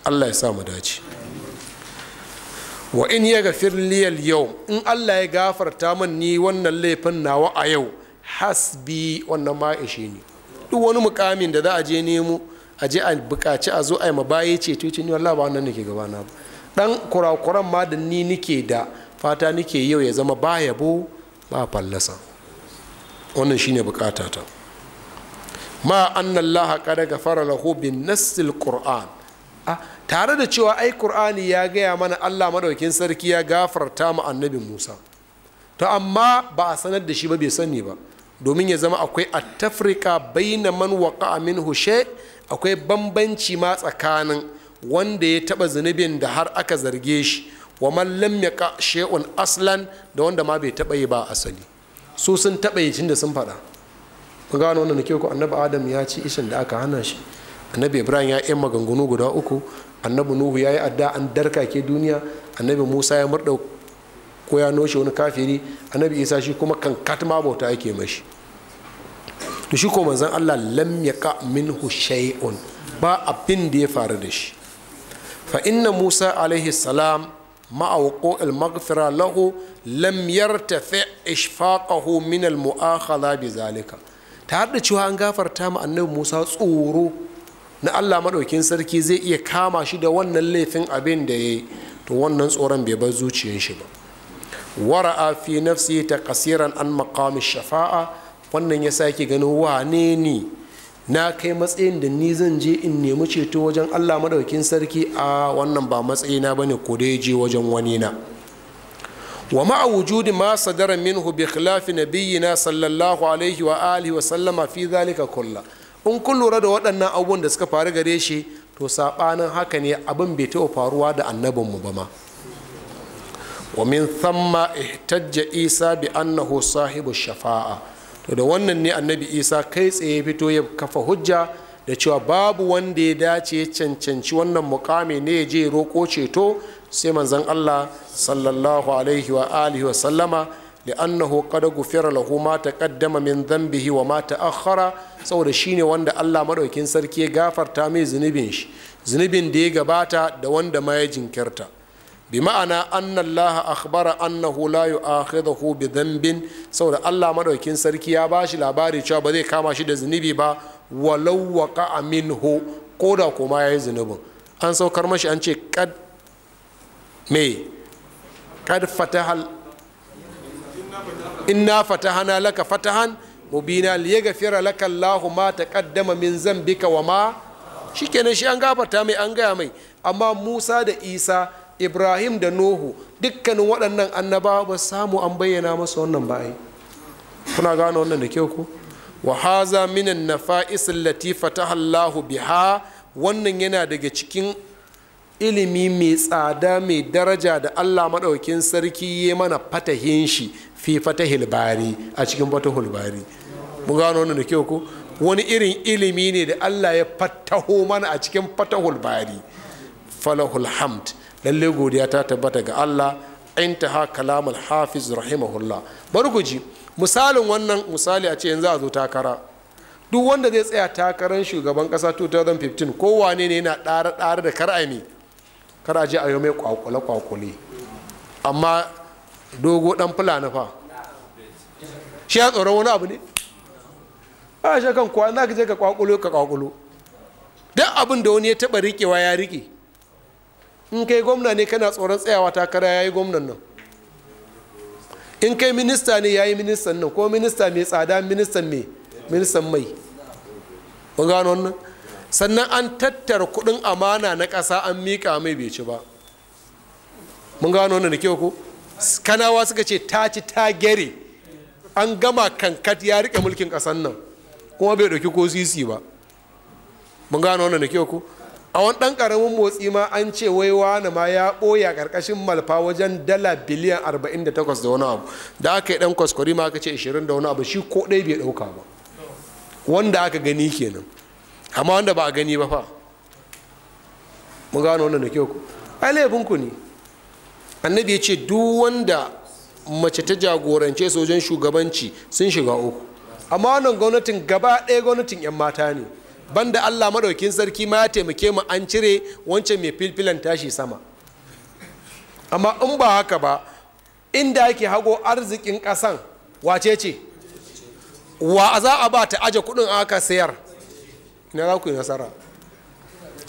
Allah ya sa mu dace wa in ya li al yau in Allah ya gafarta man ni wannan laifin nawa a yau hasbi wannan ma ishe ni duk wani mukamin da za a je nemo a je a bukaci a zo a yi mabaye ce tuci ni wallahi ba wannan nake gabana ba dan kurakuran ma da ni nake da fata nake yau ya zama baya bo ba fallasa wannan shine bukata ta ma annallaha qad ghafara lahu bin nassil qur'an ah, tare da cewa ai qur'ani ya gaya mana Allah madaukin sarki ya gafarta mu annabi Musa to amma ba a sanar da shi ba bai sani ba domin ya zama akwai a tafrika baina man waka amin hushe akwai bambanci ma tsakanin wanda ya taba zunubin da har aka zarge shi wa man ya yaqa aslan da wanda ma bai taba yi ba asali su sun taba yi da sun fada kun gano wannan nake ku annabi adam ya ci ishin da aka hana shi annabi ibrahim ya yi maganganu guda uku annabi nuhu ya yi adda an darka ke duniya annabi musa ya murda ko ya noshe wani kafiri annabi isa shi kuma kan katma bauta ake mashi da shi ko manzon Allah lam yaqa minhu shay'un ba abin da ya faru da shi fa inna musa alaihi salam ma'auko wuqu'il maghfira lahu lam yartafi ishfaqahu min al bi zalika ta hada cewa an gafarta ma annabi musa tsoro na Allah madaukin sarki zai iya kama shi da wannan laifin abin da yi to wannan tsoron bai bar zuciyar shi ba wara'a fi nafsi ta kasiran an makamin shafa'a wannan ya sake ganin wane ne na kai matsayin da ni zan je in nemi ceto wajen allah madaukin sarki a wannan ba matsayina ba ne ko dai je wajen wani na wa ma'a wujudi ma sadara minhu bi khilafi nabiyyina sallallahu alaihi wa alihi wa sallama fi zalika kulla in kun lura da waɗannan abubuwan da suka faru gare shi to saɓanin haka ne abin bai taɓa faruwa da annabinmu ba ma wa min thamma ihtajja isa bi annahu sahibu shafa'a to da wannan ne annabi isa kai tsaye fito ya kafa hujja da cewa babu wanda ya dace ya cancanci wannan mukami ne ya je roƙo ceto sai manzon Allah sallallahu alaihi wa alihi wa sallama li'annahu qad ghufira lahu ma taqaddama min dhanbihi wa ma ta'akhkhara saboda shine wanda Allah madaukin sarki ya gafarta mai zunubin shi zunubin da ya gabata da wanda ma ya jinkirta Bima'ana ma'ana anna Allah akhbara annahu la yu'akhidhu bi dhanbin saboda Allah madaukin sarki ya bashi labari cewa ba zai kama shi da zunubi ba walau waqa'a minhu koda kuma yayi zunubin an saukar mashi an ce kad me kad fatahal inna fatahana laka fatahan mubina liyaghfira laka Allahu ma taqaddama min zambika wa ma shikenan shi an gafarta mai an gaya mai amma Musa da Isa ibrahim da nuhu dukkanin waɗannan annabawa ba samu an bayyana masa wannan bayi kuna gane wannan da kyau ku? wa haza minan nafa'is allati fataha Allahu biha wannan yana daga cikin ilimi mai tsada mai daraja da Allah maɗaukin sarki ya mana fatahin shi fi fatahil bari a cikin fatahul bari mun gano wannan da kyau ku? wani irin ilimi ne da Allah ya fataho mana a cikin fatahul bari falahul hamd lalle godiya ta tabbata ga Allah ta ha al-hafiz rahimahullah bari ku ji misalin wannan misali a ce yanzu a zo takara duk wanda zai tsaya takarar shugaban kasa 2015 wane ne yana ɗara ɗara da kar'ami kar a ji a yi mai kwakwale-kwakwale amma dogo dan na fa shi ya tsoron wani abu ne a shakan kuwa za ka je ka kwakulo ka kwakulo duk abin da wani ya taba rikewa ya rike in kai gwamna ne kana tsoron tsayawa takara ya yi gwamnan nan in kai minista ne ya yi ministan nan ko minista mai tsada ministan mai ministan mai mun gano wannan sannan an tattara kudin amana na ƙasa an miƙa mai bai ci ba mun gano wannan da kyau ko kanawa suka ce ta ci ta gere an gama kankat ya rike mulkin ƙasan nan kuma bai ɗauki ko sisi ba mun gano wannan da kyau ko a wani ɗan ƙaramin motsi ma an ce wai wani ma ya ɓoya ƙarƙashin malfa wajen dala biliyan 48 da wani abu da aka yi ɗan kwaskwari ma aka ce 20 da wani abu shi ko ɗaya bai ɗauka ba wanda aka gani kenan amma wanda ba a gani ba fa mu gano wannan da kyau ku ai ku ne annabi ya ce duk wanda mace ta jagorance sojan shugabanci sun shiga uku amma wannan gwamnatin gaba ɗaya gwamnatin 'yan mata ne banda allah maɗaukin sarki ma ya taimake mu an cire wancan mai filfilan tashi sama amma in ba haka ba inda yake hago arzikin ƙasan wace ce wa za a ba ta aje kuɗin aka sayar ina za ku yi nasara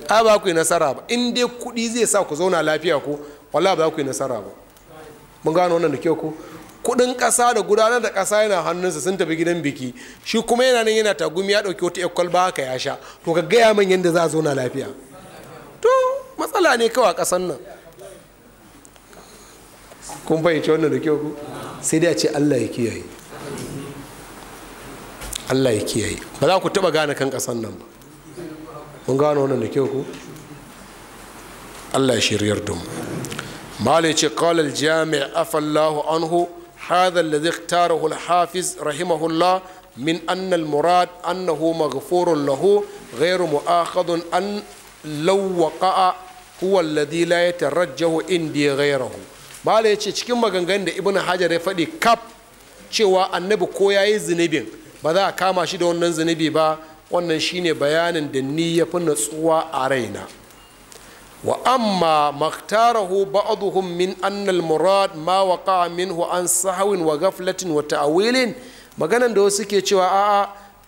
a ba ku yi nasara ba in dai kuɗi zai sa ku zauna lafiya ko wala ba za ku yi nasara ba mun gano wannan da kyau ko kudin kasa da gudanar da kasa yana hannunsa sun tafi gidan biki shi kuma yana nan yana tagumi ya dauki wata ekwal ba haka ya sha to ka gaya man yadda za a zauna lafiya to matsala ne kawai a kasan nan kun fahimci wannan da kyau ku sai dai a ce allah ya kiyaye allah ya kiyaye ba za ku taba gane kan kasan nan ba mun gane wannan da kyau ku allah ya shiryar dum malai ce kawal jami'a afallahu anhu هذا الذي اختاره الحافظ رحمه الله من أن المراد أنه مغفور له غير مؤاخذ أن لو وقع هو الذي لا يترجه عندي غيره bala ya ce cikin maganganu da ibn hajar ya faɗi kaf cewa annabi ko ya yi zunubin ba za a kama shi da wannan zunubi ba wannan shine bayanin da ni ya fi natsuwa a raina wa amma maktarahu ba'aduhun min annal murad ma waqa'a minhu an sahawin wa gaflatin wa ta'wilin maganan da wasu ke cewa a'a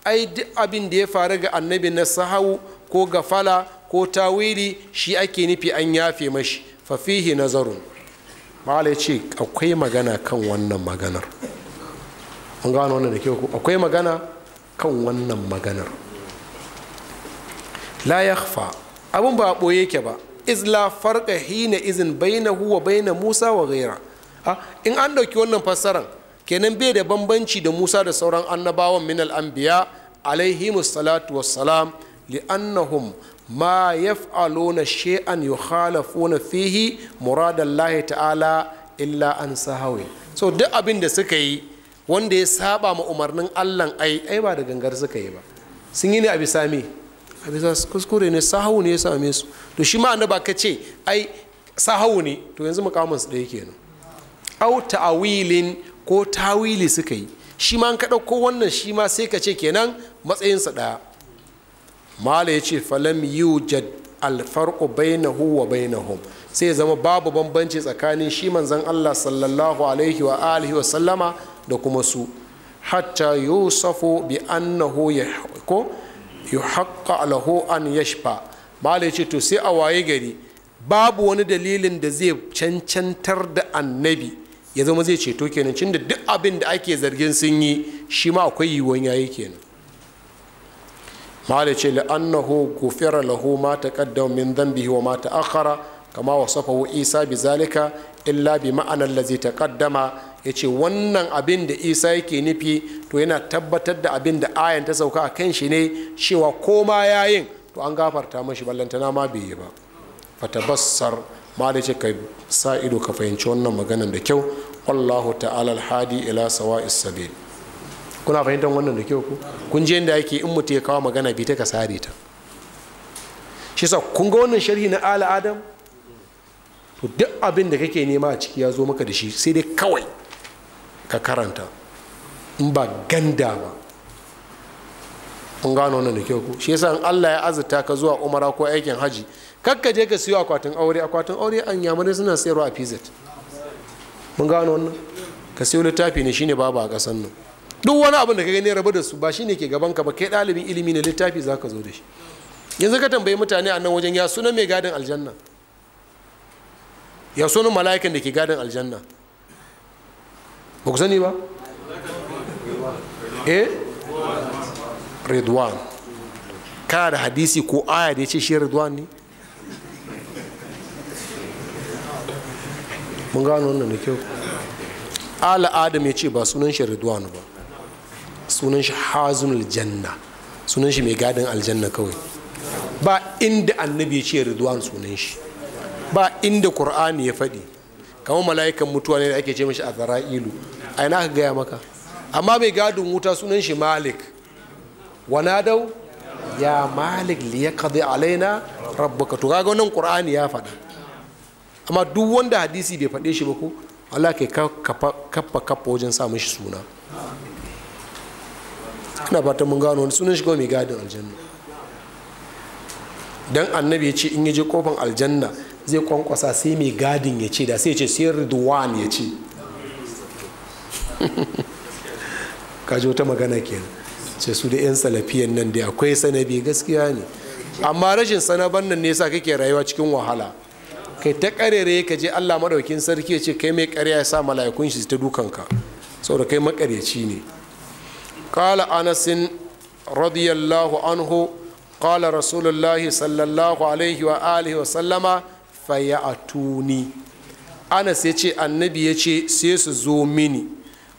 ai duk abin da ya faru ga annabi na sahau ko gafala ko tawili shi ake nufi an yafe mashi fafihi fihi nazarun ya ce akwai magana kan wannan maganar An gano wannan da ke ku akwai magana kan wannan maganar la yakhfa abin ba a ɓoye ke ba izla farka hina izin baina huwa baina musa wa gaira in an ɗauki wannan fassaran kenan bai da bambanci da musa da sauran annabawan minal anbiya alaihimus salatu wassalam li'annahum ma yaf'aluna shay'an yukhalafuna fihi muradallahi ta'ala illa an sahawi so duk abin da suka yi wanda ya saba ma umarnin allah ai ai ba da gangar suka yi ba sun yi ne a bisa me a kuskure ne sahawu ne ya same su to shi ma annaba ka ce ai sahawu ne to yanzu mukamin su ɗaya kenan au ta'awilin ko tawili suka yi shi ma ka ko wannan shi ma sai ka ce kenan matsayinsa ɗaya mala ya ce falam yujad alfarqu bainahu wa bainahum sai zama babu bambanci tsakanin shi manzon Allah sallallahu alaihi wa alihi wa sallama da kuma su hatta yusafu bi annahu ko yuhaqqa lahu an yashfa malai ce to sai a waye gari babu wani dalilin da zai cancantar da annabi ya zama zai ceto kenan da duk abin da ake zargin sun yi shi ma akwai yiwuwan yayi kenan malai ce la'annahu gufira lahu ma kaddam min dhanbihi wa ma akara kama wasafahu isa bi zalika illa bi ma'anar ta kaddama. ya ce wannan abin da isa yake nufi to yana tabbatar da abin da ayan ta sauka a kan shi ne cewa koma yayin to an gafarta mashi ballantana ma bai yi ba fatabassar ma da ce ka sa ido ka fahimci wannan maganan da kyau wallahu ta'ala alhadi ila sawa sabil kuna fahimtar wannan da kyau ku kun je inda yake in mutum ya kawo magana bi ta ka sare ta shi sa kun ga wannan sharhi na ala adam to duk abin da kake nema a ciki ya zo maka da shi sai dai kawai ka karanta in ba ganda ba kun gano wannan da kyau ko shi yasa in Allah ya azurta ka zuwa umara ko aikin haji kakka je ka siyo akwatin aure akwatin aure an yamare suna sayarwa a pizet mun gano wannan ka siyo littafi ne shine babu a kasan nan duk wani abin da ka gani rabu da su ba shine ke gaban ka ba kai ɗalibin ilimi ne littafi zaka zo da shi yanzu ka tambayi mutane a nan wajen ya sunan mai gadin aljanna ya sunan mala'ikan da ke gadin aljanna ba ba e ridwan kana hadisi ko aya da ya ce shi ridwan ne mun gano wannan da kyau ala adam ya ce ba sunan shi ridwan ba sunan shi hazunul janna sunan shi mai gadin aljanna kawai ba inda annabi ya ce ridwan sunan shi ba inda qur'ani ya faɗi kamar mala'ikan mutuwa ne da ake ce mashi a zara'ilu a ina ka gaya maka amma mai gadin wuta sunan shi malik wanadau ya malik liya kazi alaina rabbaka to kaga wannan qur'ani ya faɗa amma duk wanda hadisi bai faɗe shi ba ko Allah ke kafa kafa wajen sa shi suna ina fatan mun gano wani sunan shi mai gadin aljanna dan annabi ya ce in yaje kofan aljanna zai kwankwasa sai mai gadin ya ce da sai ce sai ridwan ya ce kaji wata magana kenan ce su da 'yan salafiyan nan da akwai sanabi gaskiya ne amma rashin sanaban nan ne sa kake rayuwa cikin wahala kai ta karere ka je allah maɗaukin sarki ya ce kai mai karya ya sa mala'ikun shi ta dukanka saboda kai makaryaci ne kala anasin radiyallahu anhu kala rasulullahi sallallahu alaihi wa alihi wa sallama faya a tuni anas ya ce annabi ya ce sai su zo mini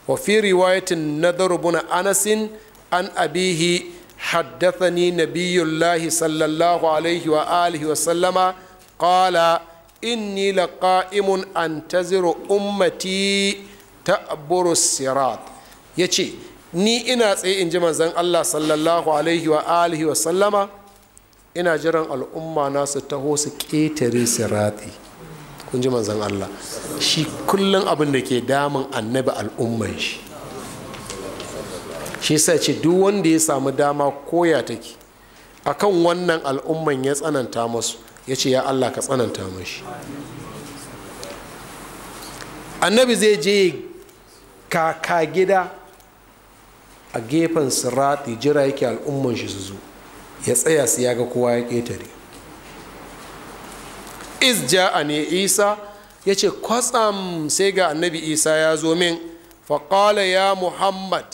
wa fi riwayatin nadar buna anasin an abihi haddathani nabiyullahi sallallahu alaihi wa alihi wa sallama qala inni laqa'imun antaziru ummati ta'buru sirat yace ni ina tsaye in ji manzon Allah sallallahu alaihi wa alihi wa sallama ina jiran al'umma nasu taho su ƙetare su ratsi kun ji manzan Allah shi kullum abin da ke damun annabi al'umman shi shi sa ce duk wanda ya samu dama koya take akan wannan al'umman ya tsananta masu ya ce ya Allah ka tsananta mashi annabi zai je kaka gida a gefen sirati jira yake al'umman shi su zo ya tsaya su ya ga kowa ya ƙetare is a ne isa ya ce kwatsam sai ga annabi isa ya zo min faƙala ya muhammad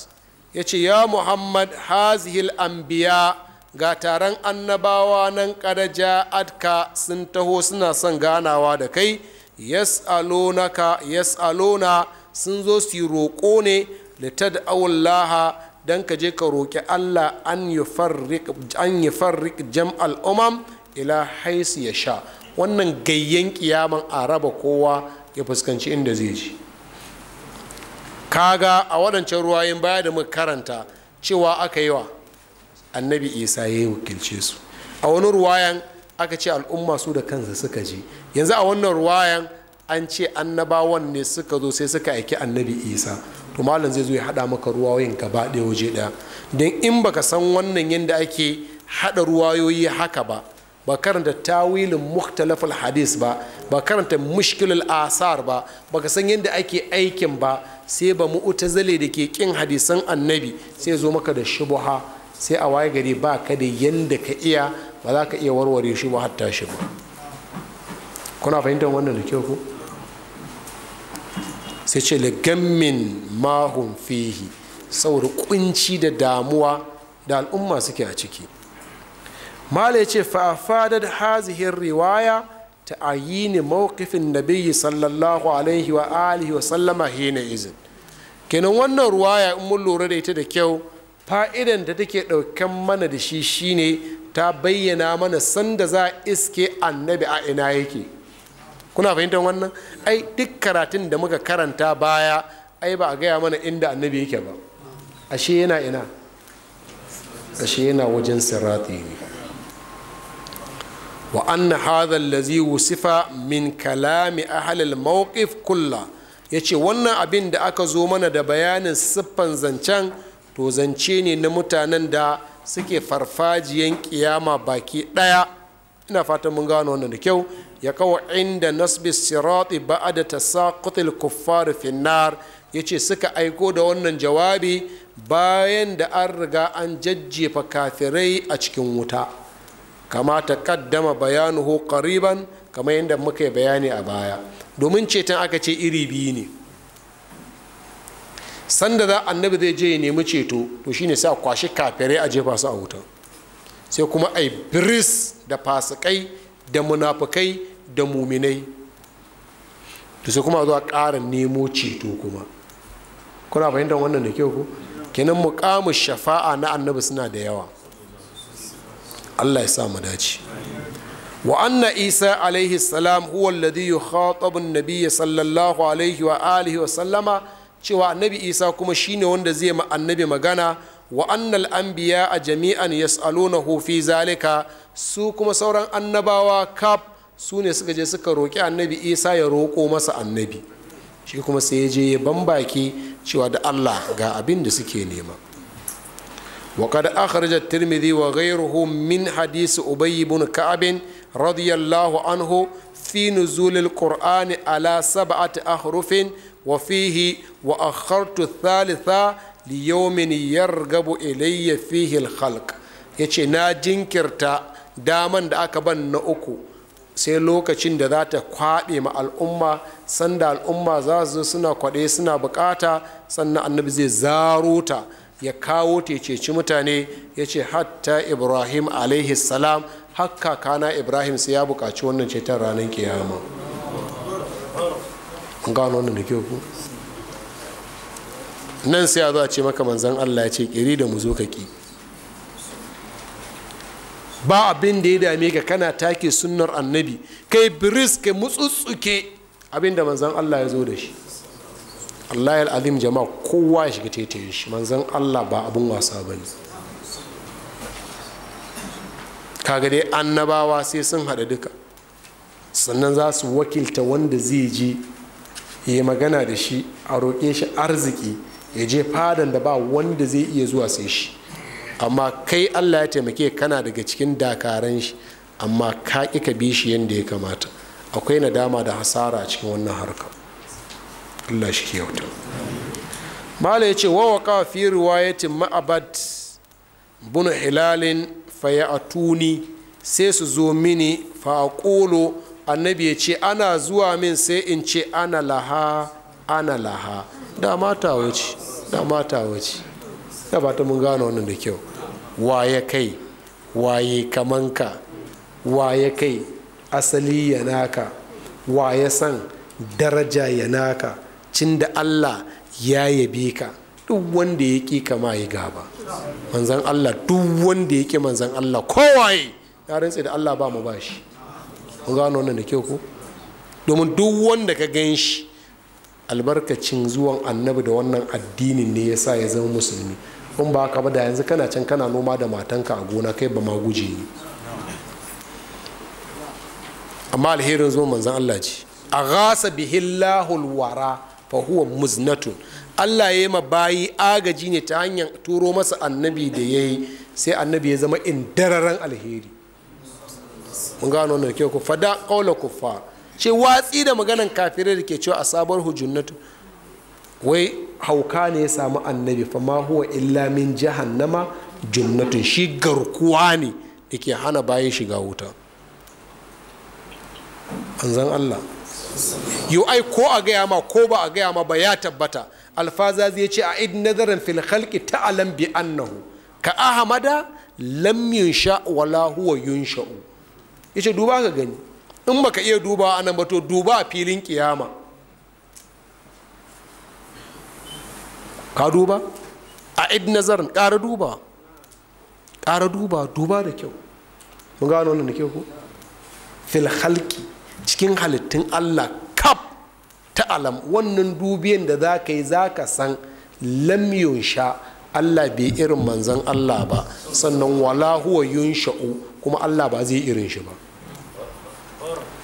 ya ce ya muhammad hazihil anbiya ga taron annabawa nan ƙada adka sun taho suna son ganawa da kai yas'alonaka yas'alona sun zo su yi roƙo ne da tad'awullaha don ka je ka roƙi allah an yi farrik jam'al umam ila haisu ya sha wannan gayyen kiyaman a raba kowa ya fuskanci inda zai ji kaga a waɗancan ruwayen baya da muka karanta cewa aka yi wa annabi isa ya yi wakilce su a wani ruwayan aka ce al'umma su da kansa suka je yanzu a wannan ruwayan an ce annabawan ne suka zo sai suka aiki annabi isa to malam zai zo ya haɗa maka ruwayoyin gaba ɗaya waje ɗaya don in baka san wannan yadda ake haɗa ruwayoyi haka ba ba karanta tawilin muktalafal hadis ba ba karanta mushkilul asar ba baka san yadda ake aikin ba sai ba zale da ke kin hadisan annabi sai zo maka da shubuha sai a waye gari ba ka da yadda ka iya ba za ka iya warware shi ba hatta shi ba kuna fahimtar wannan da kyau ko sai ce ligammin mahun fihi saboda kunci da damuwa da al'umma suke a ciki mala ya ce fa'afadar hazihin riwaya ta ayini mawqifin nabiyyi sallallahu alaihi wa alihi wa sallama hina izin kenan wannan ruwaya in mun lura da ita da kyau fa'idan da take ɗaukan mana da shi shine ta bayyana mana sanda za iske annabi a ina yake kuna fahimtar wannan ai duk karatun da muka karanta baya ai ba a gaya mana inda annabi yake ba ashe yana ina ashe yana wajen sirati ne wa an hadha allazi wusifa min kalami ahli al-mawqif kulla yace wannan abin da aka zo mana da bayanin siffan zancen to zance ne na mutanen da suke farfajiyan kiyama baki daya ina fatan mun gano wannan da kyau ya kawo inda nasbi sirati sa tasaqutil kuffar finnar ya yace suka aiko da wannan jawabi bayan da an riga an jajjefa kafirai a cikin wuta kama bayanu bayanuhu qariban kamar yadda muka bayani a baya domin ceton aka ce iri biyu ne sanda za annabi zai je ya nemi ceto to shine sai a kwashi kafirai a jefa su a wuta sai kuma a bris da fasikai da munafukai da muminai da su kuma zuwa ƙara nemo ceto kuma kuna fahimtar wannan da kyau ku kenan muƙamu shafa'a na annabi suna da yawa allah ya sa mu dace wa anna isa alaihi salam huwa alladhi yukhatabu an nabiyya sallallahu alaihi wa alihi wa sallama cewa annabi isa kuma shine wanda zai ma annabi magana wa an anbiya a jami'an yas'alunahu fi zalika su kuma sauran annabawa kaf su ne suka je suka roƙi annabi isa ya roƙo masa annabi shi kuma sai ya je ya bambaki cewa da allah ga abin da suke nema وقد أخرج الترمذي وغيره من حديث أبي بن كعب رضي الله عنه في نزول القرآن على سبعة أحرف وفيه وأخرت الثالثة ليوم يرغب إلي فيه الخلق يتشي نا جنكرتا داما دا أكبر نأكو sai lokacin da za ta kwaɓe ma al'umma sanda al'umma za su suna kwaɗe suna bukata sannan annabi zai zaro ta ya kawo ta ya ceci mutane ya ce hatta ibrahim alaihi salam hakka kana ibrahim sai ya buƙaci wannan ceton ranar kiyama gano wannan da kyau nan sai ya zo a ce maka manzan allah ya ce kiri da mu zo ka ƙi ba abin da ya dame ka kana take sunnar annabi kai biris ka mutsutsuke abin da manzan Allah ya zo da shi Allah ya alim jama'a kowa ya shiga taitaye shi manzan Allah ba abin wasa ba ne kaga dai annabawa sai sun haɗa duka sannan za su wakilta wanda zai je ya magana da shi a roƙe shi arziki ya je fadan da ba wanda zai iya zuwa sai shi amma kai allah ya taimake kana daga cikin dakaran shi amma ka ka bi shi yadda ya kamata akwai nadama da hasara a cikin wannan harka allah shi yauta. mala ya ce wa waka fi riwayatin ma'abat bunu hilalin fayatuni sai su zo mini faƙolo annabi ya ce ana zuwa min sai in ce ana laha ana laha da mata wuce da mata wuce da ba mun gane wannan da kyau waye kai waye kamanka waye kai asali ya naka waye san daraja ya naka cin da allah ya yabe ka duk wanda ya ƙi kama ya gaba manzan allah duk wanda ya ƙi manzan allah kowaye ya rantse da allah ba mu ba shi ku gano wannan da kyau ko domin duk wanda ka gan shi albarkacin zuwan annabi da wannan addinin ne ya sa ya zama musulmi in ba ka ba da yanzu kana can kana noma da matanka a gona kai ba ma guje ne amma alherin zuwa manzan Allah ce a gasa bihillahul wara fa huwa muznatun Allah ya ma bayi agaji ne ta hanyar turo masa annabi da ya yi sai annabi ya zama in dararen alheri mun gano na kyau ku fada kaula kuffar ce watsi da maganan kafirai da ke cewa a sabar hujunnatu wai hauka ne ya samu annabi fa ma huwa illa min jahannama junnatun shi garkuwa ne da ke hana bayan shiga wuta anzan Allah yau ai ko a gaya ma ko ba a gaya ma ba ya tabbata alfaza zai ce a id nazarin fil khalqi ta'lam bi annahu ka ahmada lam yunsha wala huwa Ya yace duba ka gani in baka iya duba anan ba to duba a filin kiyama ka duba a id nazarin ƙara duba ƙara duba duba da kyau mun gano wannan da kyau ko fil halki cikin halittun allah kaf ta alam wannan dubiyan da zaka yi zaka san lam sha allah bai irin manzan allah ba sannan wala huwa yunsha'u kuma allah ba zai irin shi ba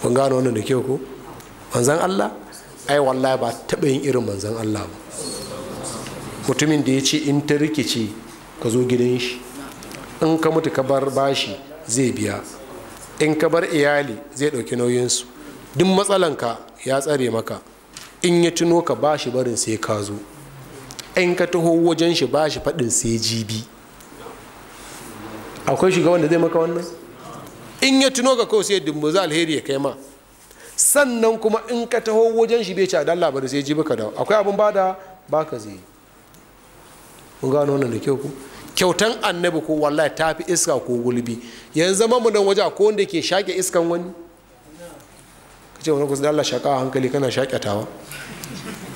mun gano wannan da kyau ko manzan allah ai wallahi ba taɓa yin irin manzan allah ba mutumin da ya ce in ta rikice ka zo gidan shi in ka mutu ka bar bashi zai biya in ka bar iyali zai ɗauki nauyinsu duk matsalanka ya tsare maka in ya tuno ka bashi barin sai ka zo in ka taho wajen shi bashi faɗin sai jibi akwai shiga da zai maka wannan in ya tuno ka kawai sai za alheri ya kai ma sannan kuma in ka taho wajen shi bai ci a dan sai jibi ka dawo akwai abin bada baka zai mun gano wannan da kyau ku kyautan annabi ko wallahi ta fi iska ko gulbi yanzu zama mu nan waje ko wanda ke shaƙe iskan wani ka ce wani kusa da Allah shaƙa hankali kana shakatawa